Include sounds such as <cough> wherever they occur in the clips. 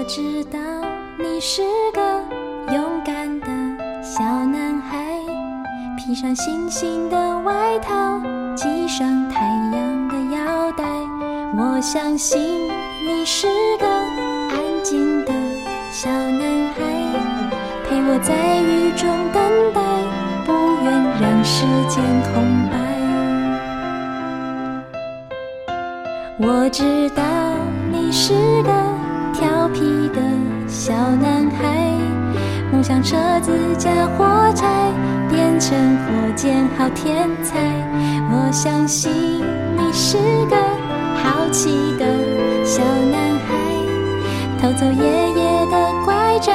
我知道你是個勇敢的小男孩，披上星星的外套，繫上太陽的腰帶。我相信你是個安靜的小男孩，陪我在雨中等待，不願讓時間空白。我知道你是個。將車子加火柴，變成火箭，好天才！我相信你是個好奇的小男孩，偷走爺爺的拐杖，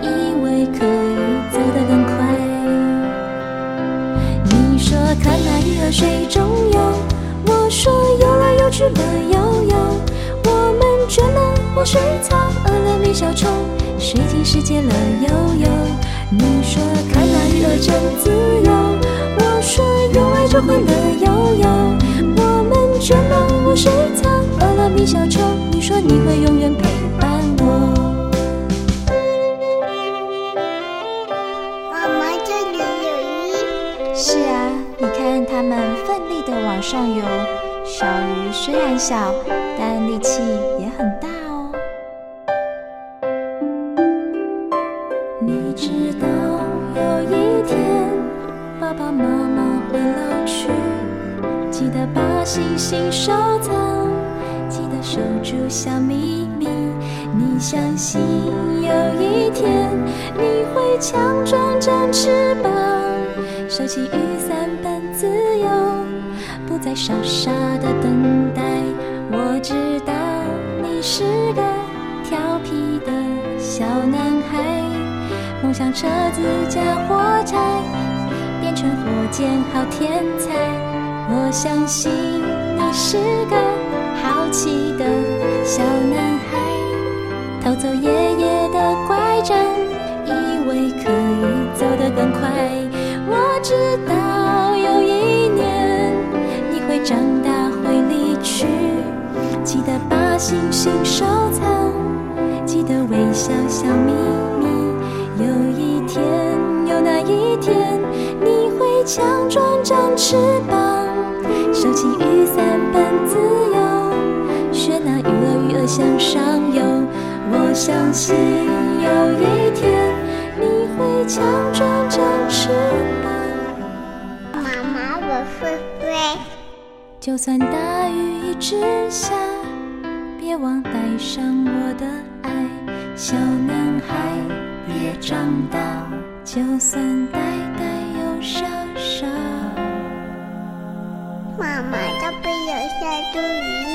以為可以走得更快。 <noise> 你說看那魚兒水中游，我說游來游去樂悠悠，我們倦了臥水草。覓小蟲，水晶世界樂悠悠。你說看那魚兒真自由，我說有愛就會樂悠悠。我們倦臥水草，餓了覓小蟲。你說你會永遠陪伴我。媽媽這裡有魚。是啊，你看他們奮力的往上游。小魚雖然小，但力氣也很大。心收藏，記得守住小祕密。你相信有一天你會強壯長翅膀，收起雨傘奔自由，不再傻傻地等待。我知道你是個調皮的小男孩，夢想車子加火柴變成火箭好天才。我相信。是個好奇的小男孩，偷走爺爺的拐杖，以為可以走得更快。我知道有一年，你會長大會離去，記得把星星收藏，記得微笑笑咪咪。有一天，有那一天，你會強壯長翅膀，收起雨傘。學那魚兒魚兒向上游，我相信有一天你會強壯長翅膀。媽媽，我會飛。就算大雨一直下，別忘帶上我的愛，小男孩別長大。就算呆呆又傻傻。媽媽，要不要下陣雨？